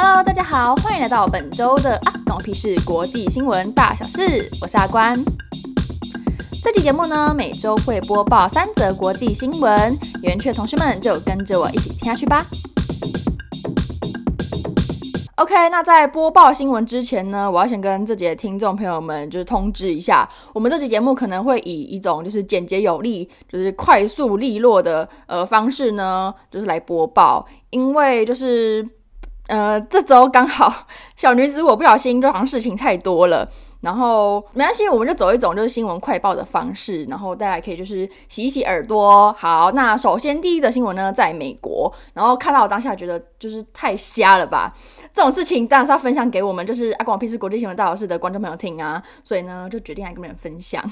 Hello，大家好，歡迎來到本周的阿關屁事國際新聞大小事，我是阿關。這期節目呢，每周會播報三則國際新聞，圓圈的同學們就跟着我一起聽下去吧。OK，那在播報新聞之前呢，我要先跟這節聽眾朋友們就是通知一下，我們這期節目可能會以一種就是簡潔有力、就是快速利落的呃方式呢，就是來播報，因為就是。呃，這週剛好小女子我不小心就好像事情太多了，然後沒關係，我們就走一種就是新聞快報的方式，然後大家可以就是洗一洗耳朵。好，那首先第一則新聞呢，在美國，然後看到我當下覺得就是太瞎了吧，這種事情當然是要分享給我們就是阿關屁事國際新聞大老師的觀眾朋友聽啊，所以呢就決定來跟你們分享。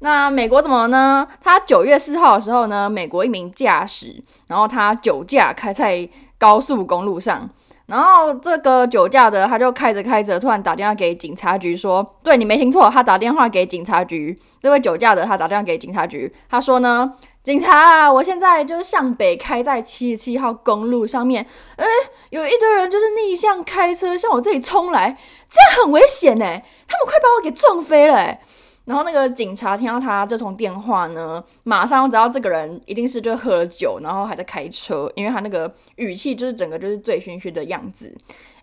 那美國怎麼呢？他九月四號的時候呢，美國一名駕駛，然後他酒駕開在高速公路上，然後這個酒駕的他就開着開着，突然打電話給警察局說：“對你沒聽錯，他打電話給警察局，這位酒駕的他打電話給警察局，他說呢，警察啊，我現在就是向北開在七十七號公路上面，誒、欸，有一堆人就是逆向開車向我這裡衝來，這樣很危險哎、欸，他們快把我給撞飛了欸。然後那個警察聽到他這通電話呢，馬上就知道這個人一定是就喝了酒，然後還在開車，因為他那個語氣就是整個就是醉醺醺的樣子。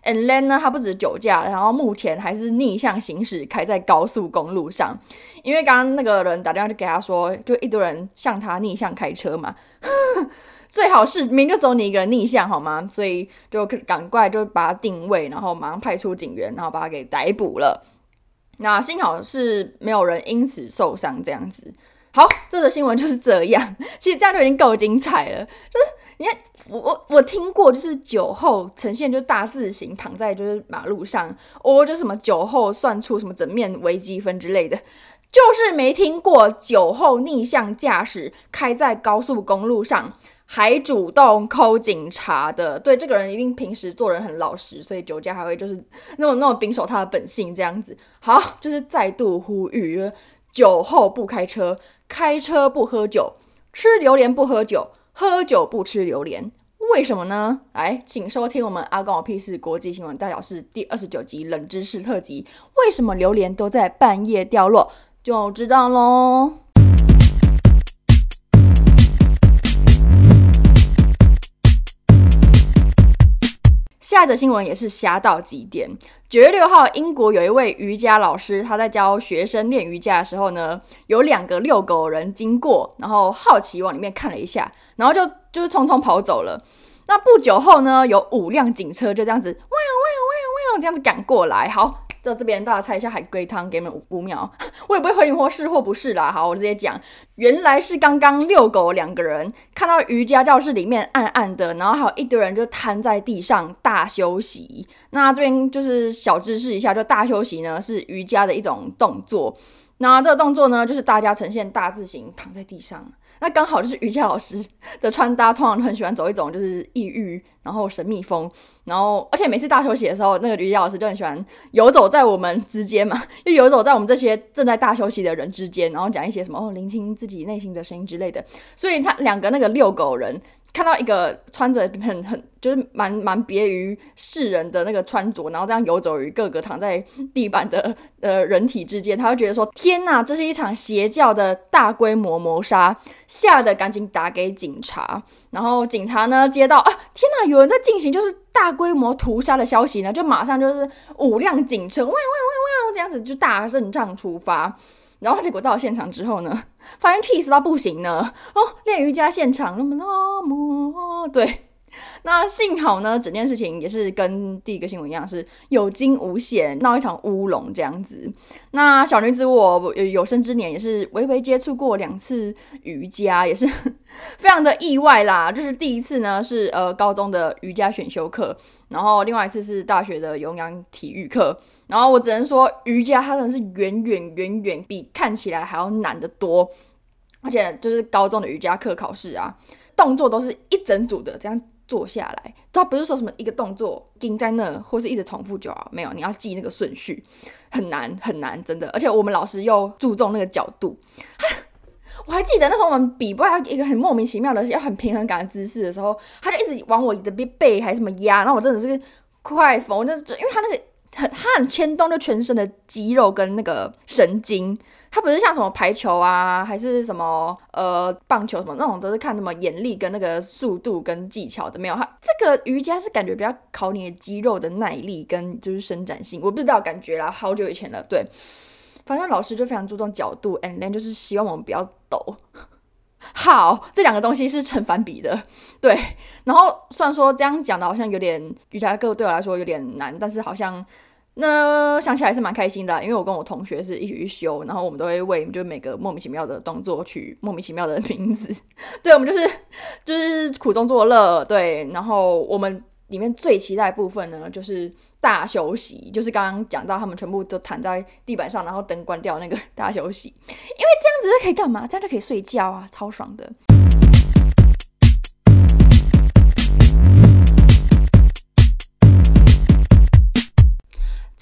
And then 呢，他不止酒駕，然後目前還是逆向行駛開在高速公路上，因為剛剛那個人打電話就給他說，就一堆人向他逆向開車嘛， 最好是明就走你一個人逆向好嗎？所以就趕快就把他定位，然後馬上派出警員，然後把他給逮捕了。那幸好是沒有人因此受傷，這樣子。好，這個新聞就是這樣。其實這樣就已經夠精彩了。就是你看，我我聽過，就是酒後呈現就大字型躺在就是馬路上，哦，就什麼酒後算出什麼整面微積分之類的，就是沒聽過酒後逆向駕駛開在高速公路上。還主動 call 警察的，對，這個人一定平時做人很老實，所以酒駕還會就是那種那種秉守他的本性這樣子。好，就是再度呼籲：酒後不開車，開車不喝酒，吃榴蓮不喝酒，喝酒不吃榴蓮。為什麼呢？來，請收聽我們阿關我 P4 國際新聞大小事第二十九集冷知識特輯：為什麼榴蓮都在半夜掉落，就知道嘍。下一則新聞也是瞎到極點。九月六號，英國有一位瑜伽老師，他在教學生練瑜伽的時候呢，有兩個遛狗人經過，然後好奇往裡面看了一下，然後就就是匆匆跑走了。那不久後呢，有五輛警車就這樣子，汪汪汪汪汪這樣子趕過來，好。這這邊大家猜一下海龜湯，給你們五,五秒， 我也不會回你說或是或不是啦。好，我直接講。原來是剛剛遛狗兩個人看到瑜伽教室裡面暗暗的，然後還有一堆人就癱在地上大休息。那這邊就是小知識一下，就大休息呢是瑜伽的一種動作。那這個動作呢就是大家呈現大字形躺在地上。那剛好就是瑜伽老師的穿搭，通常都很喜歡走一種就是異域，然後神秘風，然後而且每次大休息的時候，那個瑜伽老師就很喜歡遊走在我們之間嘛，就游走在我們這些正在大休息的人之間，然後講一些什麼哦，聆聽自己內心的聲音之類的，所以他兩個那個遛狗人，看到一個穿着很很就是蠻蠻別於世人的那個穿着，然後這樣遊走於各個躺在地板的呃人體之間，他就覺得說：天吶，這是一場邪教的大規模謀殺！嚇得趕緊打給警察。然後警察呢接到啊天吶，有人在進行就是大規模屠殺的消息呢，就馬上就是五輛警車，喂喂喂喂，這樣子就大陣仗出發。然後結果到了現場之後呢，發現 peace 到不行呢，哦，練瑜伽現場那麼那麼對。那幸好呢，整件事情也是跟第一個新聞一樣，是有驚無險，鬧一場烏龍這樣子。那小女子我有生之年也是微微接觸過兩次瑜伽，也是呵呵非常的意外啦。就是第一次呢是呃高中的瑜伽選修課，然後另外一次是大學的有氧體育課。然後我只能說，瑜伽它真的是遠遠遠遠遠比看起來還要難得多，而且就是高中的瑜伽課考試啊，動作都是一整組的這樣。坐下來，都他不是說什麼一個動作定在那，或是一直重複就好，沒有，你要記那個順序，很難很難，真的。而且我們老師又注重那個角度，啊、我還記得那時候我們比，不知道一個很莫名其妙的要很平衡感的姿勢的時候，他就一直往我的背背還是什麼壓，然後我真的是快瘋，就是、因為他那個很他很牽動就全身的肌肉跟那個神經。它不是像什麼排球啊，還是什麼呃棒球什麼那種，都是看什麼眼力跟那個速度跟技巧的。沒有，它這個瑜伽是感覺比較考你的肌肉的耐力跟就是伸展性。我不知道感覺啦，好久以前了。對，反正老師就非常注重角度，And then 就是希望我們不要抖。好，這兩個東西是成反比的。對，然後雖然說這樣講的好像有點瑜伽課對我來說有點難，但是好像。那想起來是蠻開心的，因為我跟我同學是一起去修，然後我們都會為就每個莫名其妙的動作取莫名其妙的名字。對，我們就是就是苦中作樂。對，然後我們裡面最期待的部分呢，就是大休息，就是剛剛講到他們全部都躺在地板上，然後燈關掉那個大休息，因為這樣子就可以幹嘛？這樣就可以睡覺啊，超爽的。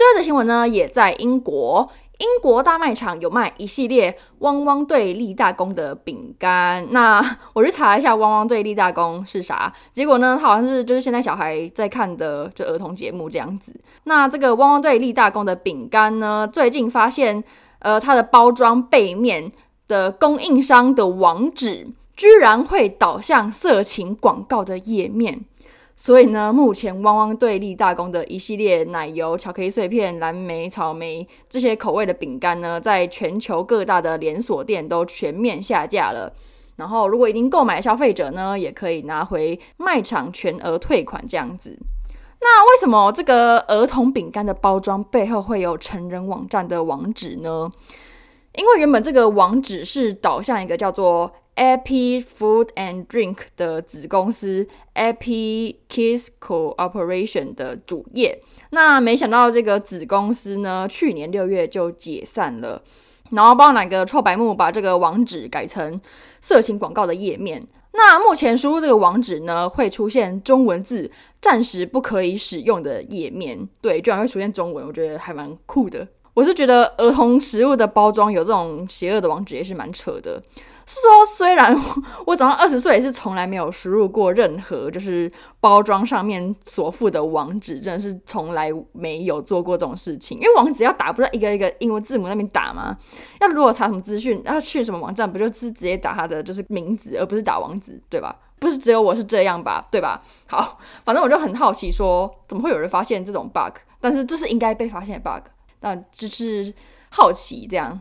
這則新聞呢，也在英國，英國大賣場有賣一系列“汪汪隊立大功”的餅乾。那我去查一下“汪汪隊立大功”是啥，結果呢，它好像是就是現在小孩在看的就兒童節目這樣子。那這個“汪汪隊立大功”的餅乾呢，最近發現，呃，它的包裝背面的供應商的網址居然會導向色情廣告的頁面。所以呢，目前汪汪隊立大功的一系列奶油、巧克力碎片、藍莓、草莓這些口味的餅乾呢，在全球各大的連鎖店都全面下架了。然後，如果已經購買的消費者呢，也可以拿回賣場全額退款這樣子。那為什麼這個兒童餅乾的包裝背後會有成人網站的網址呢？因為原本這個網址是導向一個叫做。Happy Food and Drink 的子公司 Happy Kids Cooperation 的主頁，那沒想到這個子公司呢，去年六月就解散了，然後不知道哪個臭白目，把這個網址改成色情廣告的頁面。那目前輸入這個網址呢，會出現中文字暫時不可以使用的頁面。對，居然會出現中文，我覺得還蠻酷的。我是覺得兒童食物的包裝有這種邪惡的網址也是蠻扯的。是說，雖然我我長到二十歲，也是從來沒有輸入過任何就是包裝上面所附的網址，真的是從來沒有做過這種事情。因為網址要打，不是一個一個英文字母那邊打嗎？要如果查什麼資訊，要去什麼網站，不就是直接打它的就是名字，而不是打網址，對吧？不是只有我是這樣吧？對吧？好，反正我就很好奇說，說怎麼會有人發現這種 bug？但是這是應該被發現的 bug，那只是好奇這樣。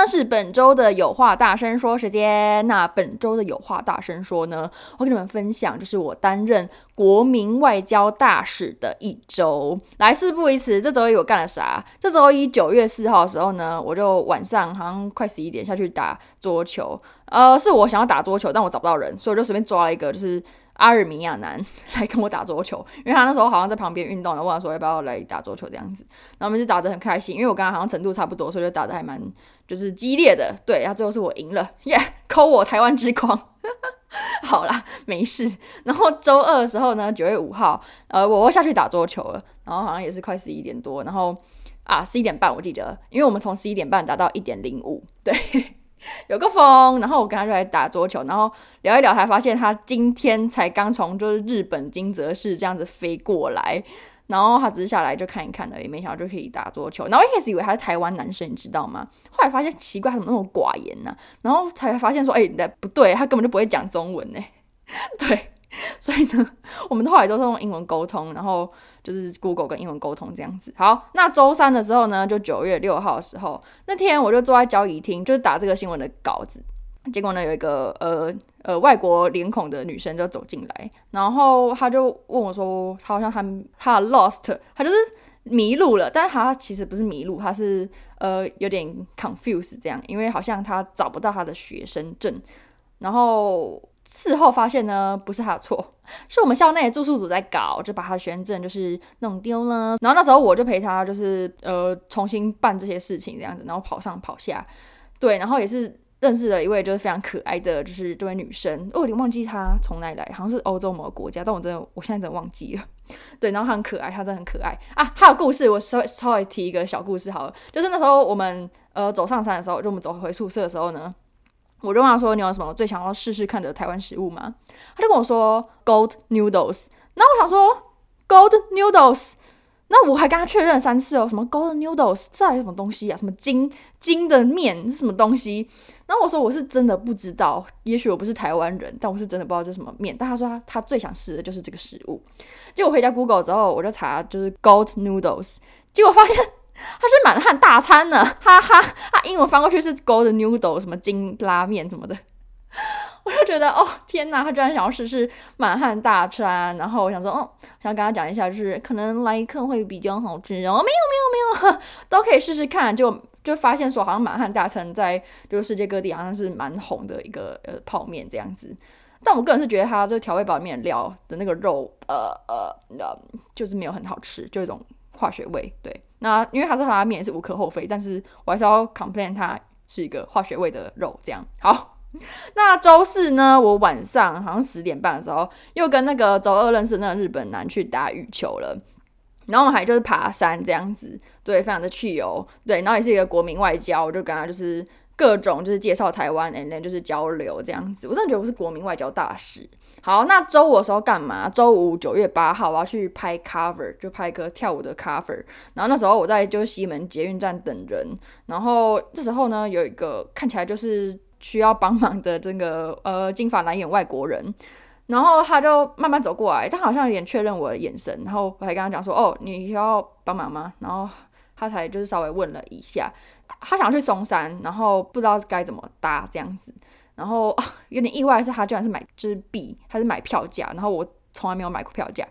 那是本週的有話大聲說時間。那本週的有話大聲說呢，我跟你們分享，就是我擔任國民外交大使的一週。來，事不宜遲，這週一我幹了啥？這週一九月四號的時候呢，我就晚上好像快十一點下去打桌球。呃，是我想要打桌球，但我找不到人，所以我就隨便抓了一個，就是。阿爾米亞男來跟我打桌球，因為他那時候好像在旁邊運動了，然後問我說要不要我來打桌球這樣子，然後我們就打得很開心，因為我跟他好像程度差不多，所以就打得還蠻就是激烈的。對，然後最後是我贏了，耶，call 我台灣之光， 好啦，沒事。然後周二的時候呢，九月五號，呃，我下去打桌球了，然後好像也是快十一點多，然後啊十一點半我記得了，因為我們從十一點半打到一點零五，對。有個風，然後我跟他就來打桌球，然後聊一聊才發現他今天才剛從就是日本金澤市這樣子飛過來，然後他只是下來就看一看而已，也沒想到就可以打桌球。然後一開始以為他是台灣男生，你知道嗎？後來發現奇怪，他怎麼那麼寡言呢、啊？然後才發現說，哎、欸，不對，他根本就不會講中文呢，對。 所以呢，我們後來都是用英文溝通，然後就是 Google 跟英文溝通這樣子。好，那周三的時候呢，就九月六號的時候，那天我就坐在交易廳，就是打這個新聞的稿子。結果呢，有一個呃呃外國臉孔的女生就走進來，然後她就問我說，她好像她她 lost，她就是迷路了。但是她其實不是迷路，她是呃有點 confused 這樣，因為好像她找不到她的學生證，然後。事後發現呢，不是他的錯，是我們校內的住宿組在搞，就把他的學生證就是弄丟了。然後那時候我就陪他，就是呃重新辦這些事情這樣子，然後跑上跑下，對，然後也是認識了一位就是非常可愛的就是這位女生，哦、我已經忘記她從哪裡來，好像是歐洲某個國家，但我真的我現在真的忘記了。對，然後他很可愛，她真的很可愛啊！還有故事，我稍微，稍微提一個小故事，好了，就是那時候我們呃走上山的時候，就我們走回宿舍的時候呢。我就問他說：“你有什麼最想要試試看的台灣食物嗎？”他就跟我說：“Gold noodles。”然後我想說：“Gold noodles。”那我還跟他確認了三次哦，什麼 “gold noodles” 這還有什麼東西啊？什麼金金的麵這是什麼東西？然後我說：“我是真的不知道，也許我不是台灣人，但我是真的不知道這是什麼麵。”但他說他，他最想試的就是這個食物。結果我回家 Google 之後，我就查就是 “gold noodles”，結果發現。他是滿漢大餐呢，哈哈，他英文翻過去是 Golden Noodle，什麼金拉面什麼的，我就覺得哦天吶，他居然想要試試滿漢大餐，然後我想說，哦想跟他講一下，就是可能來一客會比較好吃，哦沒有沒有沒有，都可以試試看，就就發現說好像滿漢大餐在就是世界各地好像是蠻紅的一個呃泡面這樣子，但我個人是覺得它這調味包裡面料的那個肉呃呃，呃就是沒有很好吃，就一種化學味，對。那因為他說他拉麵也是無可厚非，但是我還是要 complain 他是一個化學味的肉這樣。好，那週四呢，我晚上好像十點半的時候又跟那個週二認識那個日本男去打羽球了，然後我還就是爬山這樣子，對，非常的去油，哦。對，然後也是一個國民外交，我就跟他就是。各種就是介紹台灣，然後就是交流這樣子，我真的覺得我是國民外交大使。好，那周五的時候幹嘛？周五九月八號我要去拍 cover，就拍一個跳舞的 cover。然後那時候我在就是西門捷運站等人，然後這時候呢，有一個看起來就是需要幫忙的這個呃金髮藍眼外國人，然後他就慢慢走過來，他好像有點確認我的眼神，然後我還跟他講說哦，你需要幫忙嗎？然後。他才就是稍微問了一下，他想去松山，然後不知道該怎麼搭這樣子，然後、啊、有點意外的是，他居然是買就是幣，還是買票價，然後我從來沒有買過票價，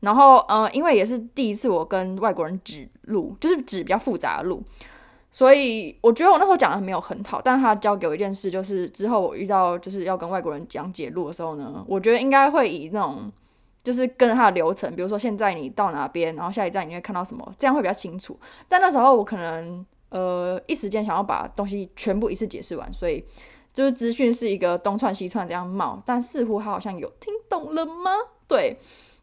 然後呃，因為也是第一次我跟外國人指路，就是指比較複雜的路，所以我覺得我那時候講的沒有很好，但他教給我一件事，就是之後我遇到就是要跟外國人講解路的時候呢，我覺得應該會以那種。就是跟着它的流程，比如說現在你到哪邊，然後下一站你會看到什麼，這樣會比較清楚。但那時候我可能呃一時間想要把東西全部一次解釋完，所以就是資訊是一個東竄西竄這樣冒。但似乎他好像有聽懂了嗎？對。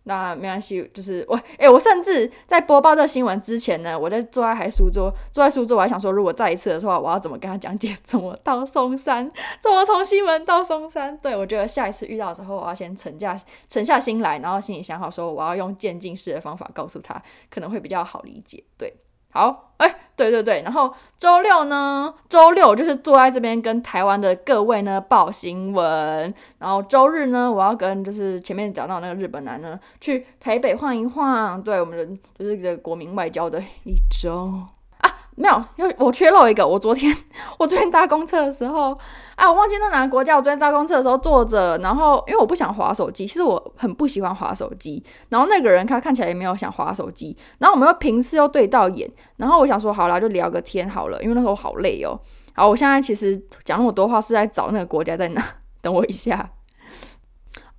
那沒關係，就是我，哎、欸，我甚至在播報這個新聞之前呢，我在坐在還書桌，坐在書桌，我還想說，如果再一次的話，我要怎麼跟他講解？怎麼到松山？怎麼從西門到松山？對，我覺得下一次遇到的時候，我要先沉下，沉下心來，然後心裡想好，說我要用漸進式的方法告訴他，可能會比較好理解。對，好，哎、欸。對對對，然後週六呢，週六就是坐在這邊跟台灣的各位呢報新聞，然後週日呢，我要跟就是前面講到那個日本男呢去台北晃一晃。對，我們人就是的國民外交的一週。沒有，因為我缺漏一個。我昨天，我昨天搭公車的時候，啊，我忘記那哪個國家。我昨天搭公車的時候坐着，然後因為我不想滑手機，其實我很不喜歡滑手機。然後那個人他看起來也沒有想滑手機。然後我們又平視又對到眼，然後我想說，好了，就聊個天好了，因為那時候好累哦。好，我現在其實講那麼多話是在找那個國家在哪？等我一下。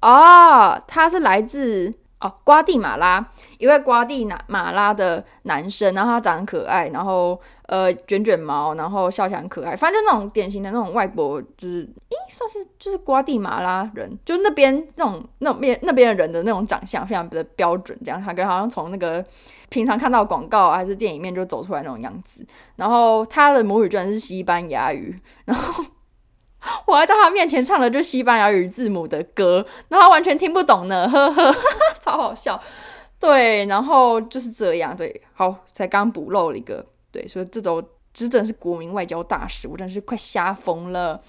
哦，他是來自。哦，瓜地馬拉一位瓜地馬馬拉的男生，然後他長得很可愛，然後呃捲捲毛，然後笑起來很可愛，反正就那種典型的那種外國就是，咦，算是就是瓜地馬拉人，就是那邊那種那面那邊的人的那種長相非常的標準，這樣他跟好像從那個平常看到的廣告啊、還是電影裡面，就走出來那種樣子，然後他的母語居然是西班牙語，然後。我還在他面前唱的就是西班牙語字母的歌，然後他完全聽不懂呢，呵呵，呵呵，超好笑。對，然後就是這樣。對，好，才剛補漏了一個。對，所以這周真的是國民外交大使，我真的是快瞎瘋了。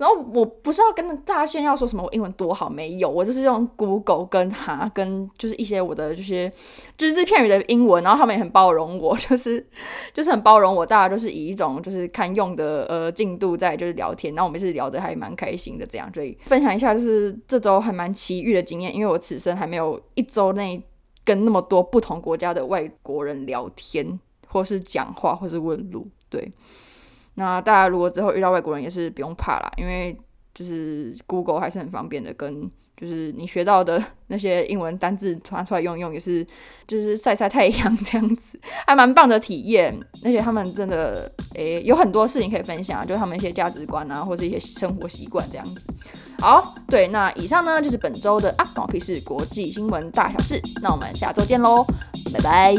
然後我不是要跟大家炫耀，說什麼我英文多好，沒有，我就是用 Google 跟，哈、啊、跟就是一些我的就是只字、就是、片語的英文，然後他們也很包容我，就是就是很包容我，大家就是以一種就是堪用的呃進度在就是聊天，然後我們是聊得還蠻開心的，這樣，所以分享一下就是這周還蠻奇遇的經驗，因為我此生還沒有一周內跟那麼多不同國家的外國人聊天，或是講話，或是問路，對。那大家如果之後遇到外國人也是不用怕啦，因為就是 Google 還是很方便的，跟就是你學到的那些英文單字傳出來用用也是，就是曬晒太陽這樣子，還蠻棒的體驗。那些他們真的誒、欸、有很多事情可以分享，就是、他們一些價值觀啊，或是一些生活習慣這樣子。好，對，那以上呢就是本周的阿關我屁事國際新聞大小事，那我們下周見嘍，拜拜。